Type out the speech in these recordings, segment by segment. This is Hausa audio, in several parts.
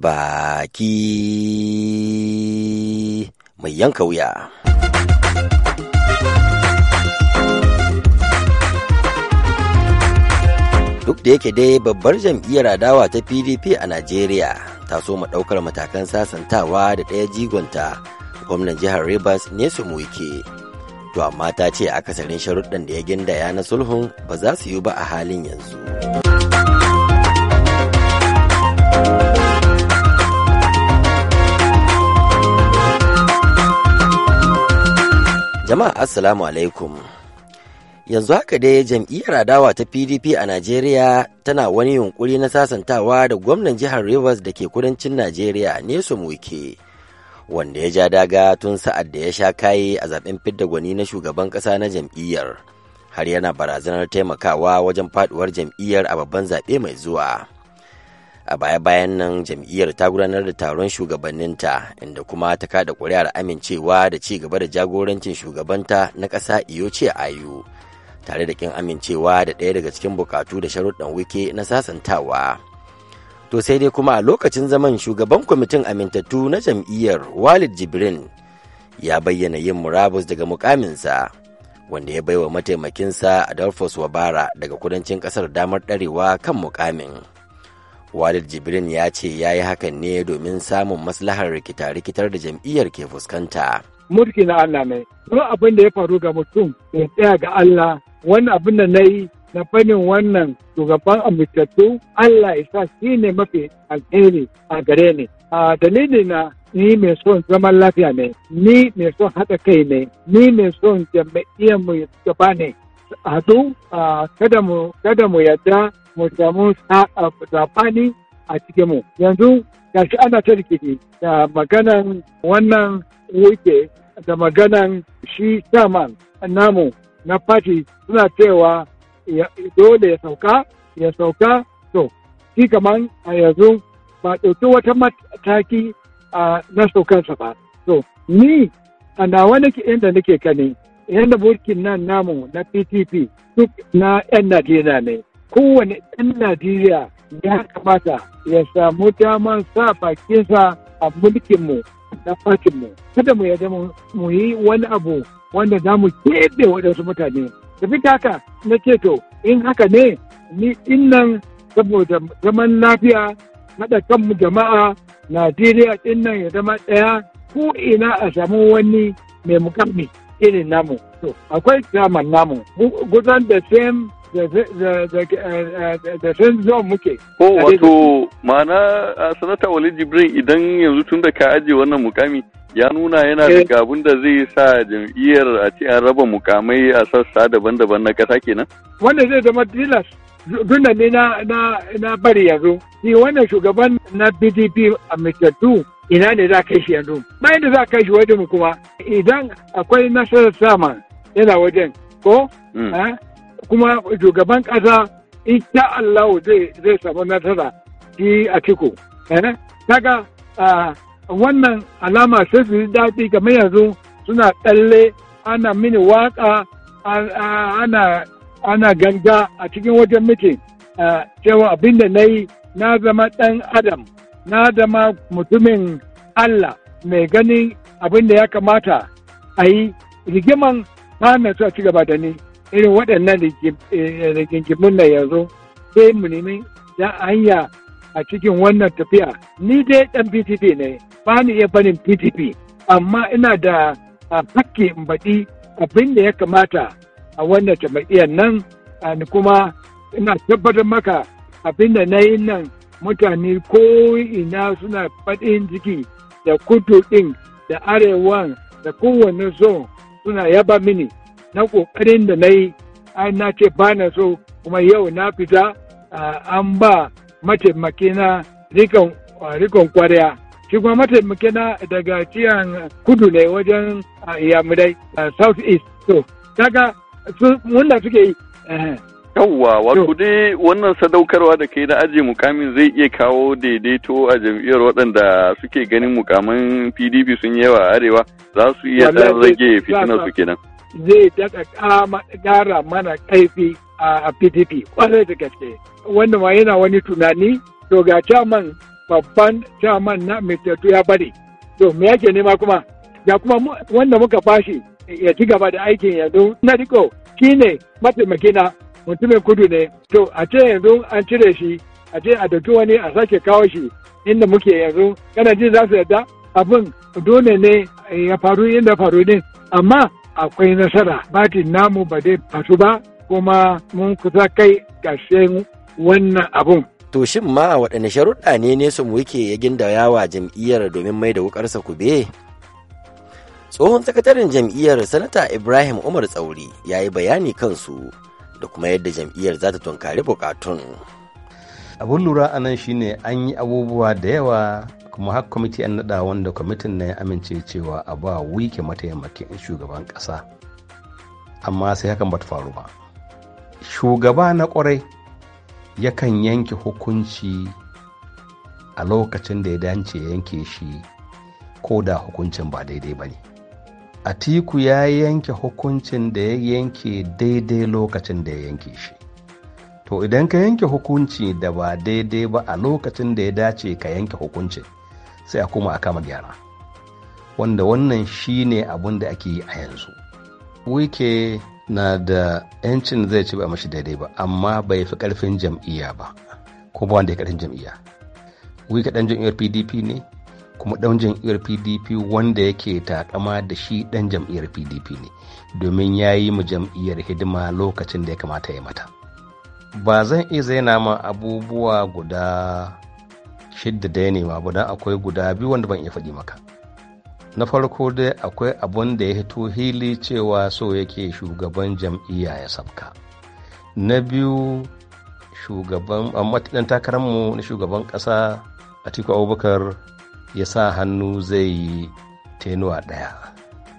baki mai yanka wuya. Duk da yake dai babbar jam'iyyar adawa ta PDP a Najeriya ta so mu ɗaukar matakan sasantawa da ɗaya jigonta gwamnan jihar Rivers ne su muke. To amma ta ce akasarin sharuɗɗan da ya gindaya na sulhun ba za su yi ba a halin yanzu. Jama'a Assalamu alaikum. Yanzu haka dai jam'iyyar adawa ta PDP a Najeriya tana wani yunkuri na sasantawa da gwamnan jihar Rivers da ke kudancin Najeriya Nyesom Wike. Wanda ya ja daga tun sa'ad da ya sha kaye a zaben fidda gwani na shugaban ƙasa na jam'iyyar. Har yana barazanar taimakawa wajen faduwar jam'iyyar a babban zaɓe mai zuwa. a baya-bayan nan jam'iyyar ta gudanar da taron shugabanninta inda kuma ta kada kuri'ar amincewa da ci gaba da jagorancin shugabanta na ƙasa iyoce ayu tare da kin amincewa da ɗaya daga cikin bukatu da sharuɗan wike na sasantawa to sai dai kuma a lokacin zaman shugaban kwamitin amintattu na jam'iyyar walid jibrin ya bayyana yin murabus daga mukaminsa wanda ya baiwa mataimakinsa adolphus wabara daga kudancin kasar damar ɗarewa kan mukamin. walid jibrin ya ce ya yi hakan ne domin samun maslahar rikita-rikitar da jam'iyyar ke fuskanta mulki na allah ne duk abin da ya faru ga mutum ya tsaya ga allah wani abin da na yi na fannin wannan shugaban amintattu allah ya sa shi ne mafi alheri a gare ni a dalili na ni mai son zaman lafiya ne ni mai son haɗa kai ne ni mai son jami'ai mu gaba ne a kada mu yadda mu samu saɓani a cikin mu yanzu gashi ana ta rikici da maganan wannan wuke da maganan shi saman namu na fati suna cewa dole ya sauka ya sauka to shi kaman a yanzu ba ɗauki wata mataki na saukansa ba to ni a nawa nake inda nake kani? yadda burkin nan namu na ptp duk na 'yan najeriya ne kowane ɗan Najeriya ya kamata ya samu daman sa bakinsa a mulkinmu na fatinmu. Kada mu yarda mu yi wani abu wanda za mu keɓe waɗansu mutane. Tafi haka na ce to in haka ne ni innan saboda zaman lafiya haɗa kanmu jama'a Najeriya ɗin nan ya zama ɗaya ko ina a samu wani mai mukammi irin namu. To akwai zaman namu. Gudan da same da sun muke. Ko wato ma'ana sanata wali Jibrin idan yanzu tun da ka ajiye wannan mukami ya nuna yana da eh. gabun da zai sa jam'iyyar a ce raba mukamai a sassa daban-daban na kasa kenan. Wanda zai zama dilas tunda ne na na na bari yanzu ni wannan shugaban na BDP a Mr. Du ina ne za kai shi yanzu bayan da za kai shi wajen kuma idan akwai nasarar sama yana wajen ko hmm. eh? kuma shugaban ƙasa sha Allah zai samu nasara ki a ciko. Eh, kaga wannan alama sai su yi daɗi kamar yanzu suna tsalle ana mini waƙa ana ganga a cikin wajen mutum. cewa abin da na yi na zama ɗan adam na zama mutumin Allah mai ganin abin da ya kamata a yi rigiman ba na so a ci gaba da ni irin waɗannan eh, rigingimun na yanzu sai mu nemi da hanya a cikin wannan tafiya ni dai ɗan pdp ne ba ni iya barin pdp amma ina da hakki in baɗi abin da ya kamata a wannan jama'iyyar nan kuma ina tabbatar maka abin da na yi nan mutane ko ina suna faɗin jiki da kudu ɗin da arewan da kowane zon suna yaba mini na ƙoƙarin da na yi na ce ba na so kuma yau na fita an ba mataimakina rikon kwarya shi kuma mataimakina daga ciyan kudu ne wajen yamurai south east so kaga wanda suke yi yawwa wato dai wannan sadaukarwa da kai na ajiye mukamin zai iya kawo daidaito a jam'iyyar waɗanda suke ganin mukamin pdp sun yawa a arewa za su iya rage fitinar su kenan zai daɗa ƙara mana kaifi a pdp kwarai da gaske wanda ma yana wani tunani to ga caman babban caman na mitattu ya bari to me yake nema kuma ga kuma wanda muka bashi ya ci gaba da aikin yanzu na riko shine mataimakina mutumin kudu ne to a ce yanzu an cire shi a ce a dauki wani a sake kawo shi inda muke yanzu kana ji za su yadda abin dole ne ya faru inda faru ne amma akwai nasara batin namu ba dai fasu ba kuma mun kusa kai ƙarshen wannan abun to shin ma a waɗanne sharuɗa ne su muke ya ginda yawa jam'iyyar domin mai da wukarsa kube? Tsohon sakataren jam'iyyar Sanata Ibrahim Umar Tsauri ya yi bayani kansu da kuma yadda jam'iyyar za ta tunkari bukatun. Abun lura anan shine an yi abubuwa da yawa kuma har kwamiti an naɗa wanda kwamitin na ya amince cewa a ba wike mataimakin shugaban ƙasa amma sai hakan ba ta faru ba shugaba na kwarai yakan yanke hukunci a lokacin da ya dace yanke shi ko da hukuncin ba daidai ba ne atiku ya yanke hukuncin da ya yanke daidai lokacin da ya yanke shi to idan ka yanke hukunci da ba daidai ba a lokacin da ya dace ka yanke hukuncin sai a koma a kama gyara wanda wannan shine abin da ake yi a yanzu wike na da 'yancin zai ci ba mashi daidai ba amma bai fi karfin jam'iyya ba ko ba wanda ya karfin jam'iyya wike dan jam'iyyar pdp ne kuma dan jam'iyyar pdp wanda yake takama da shi dan jam'iyyar pdp ne domin ya yi mu jam'iyyar hidima lokacin da ya kamata ya mata ba zan iya zaina ma abubuwa guda shidda da ne nema ba don akwai guda biyu wanda ban iya faɗi maka na farko dai akwai abun da ya hito hili cewa so yake shugaban jam'iyya ya sabka na biyu shugaban um, matakan takararmu na shugaban ƙasa atiku abubakar ya sa hannu zai yi tenuwa ɗaya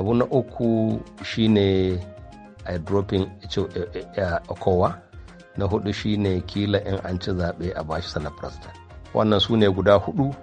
abu na uku shine a dropping eh, eh, eh, kowa na hudu shine kila in an ci zaɓe a bashi sanar president wannan su ne guda hudu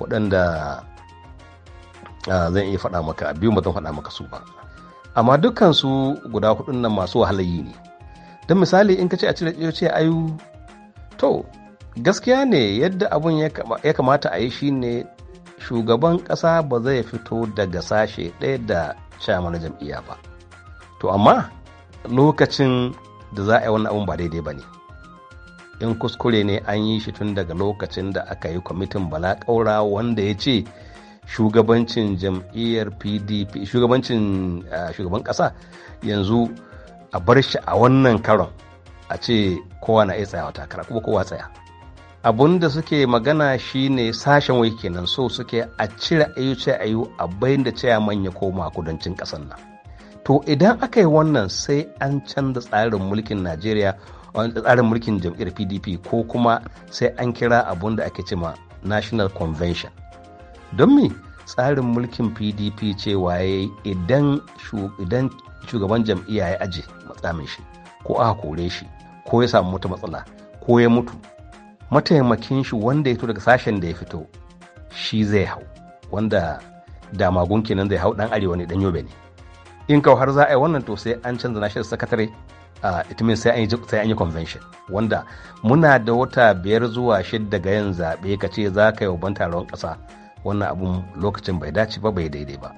waɗanda ah, zan iya faɗa maka biyu ba zan faɗa maka su ba amma su guda hudu nan masu wahalayi ne don misali in ka ce a cire ce ayu to gaskiya ne yadda abun ya kamata a yi shi ne shugaban ƙasa ba zai fito daga sashe ɗaya da shaman jam'iyya ba to amma lokacin da za a yi wannan abun ba daidai ba ne in kuskure ne an yi shi tun daga lokacin da aka yi kwamitin bala ƙaura wanda ya ce shugabancin jam'iyyar pdp shugabancin shugaban kasa yanzu a bar shi a wannan karon a ce kowa na iya tsayawa takara kuma kowa tsaya abun da suke magana shine sashen wai kenan so suke a cire ayu ce ayu a bayan da ce manya koma kudancin ƙasan nan to idan aka yi wannan sai an canza tsarin mulkin najeriya wani tsarin mulkin jam'iyyar pdp ko kuma sai an kira abun da ake cima national convention don me tsarin mulkin pdp cewa waye idan shugaban jam'iyya ya aje matsamin shi ko aka kore shi ko ya samu wata matsala ko ya mutu mataimakin shi wanda ya fito daga sashen da ya fito shi zai hau wanda damagun nan zai hau dan arewa ne dan yobe ne in kau har za a yi wannan to sai an canza national sakatare it means sai an yi convention wanda muna da wata biyar zuwa shidda ga yin zaɓe ka ce za ka yi babban taron ƙasa wannan abun lokacin bai dace ba bai daidai ba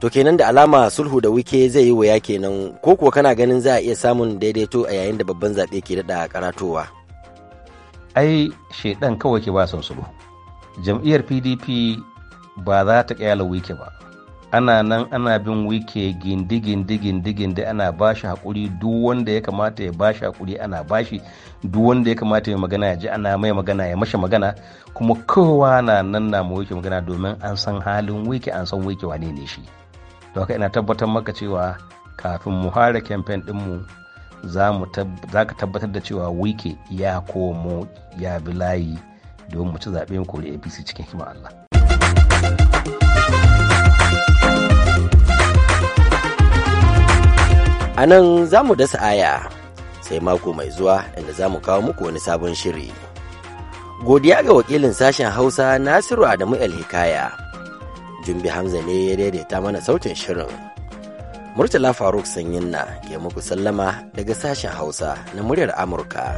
to kenan da alama sulhu da wike zai yi waya kenan ko kuwa kana ganin za a iya samun daidaito a yayin da babban zaɓe ke daɗa karatowa ai shaidan kawai ke ba son sulhu jam'iyyar pdp ba za ta kyala wike ba ana nan ana bin wike gindi gindi gindi gindi ana bashi hakuri duk wanda ya kamata ya bashi hakuri ana bashi duk wanda ya kamata ya magana ya ji ana mai magana ya mashi magana kuma kowa na nan na mu wike magana domin an san halin wike an san wike wane ne shi to haka ina tabbatar maka cewa kafin mu fara campaign dinmu za ka tabbatar da cewa wike ya komo ya bi layi domin mu ci zaɓe mu kori apc cikin hikima allah A nan za mu dasa aya sai mako mai zuwa inda za mu kawo muku wani sabon shiri. Godiya ga wakilin sashen Hausa Nasiru Adamu El Hikaya. Jumbi Hamza ne ya daidaita mana sautin shirin. Murtala Faruk sanyin na ke muku sallama daga sashen Hausa na muryar Amurka.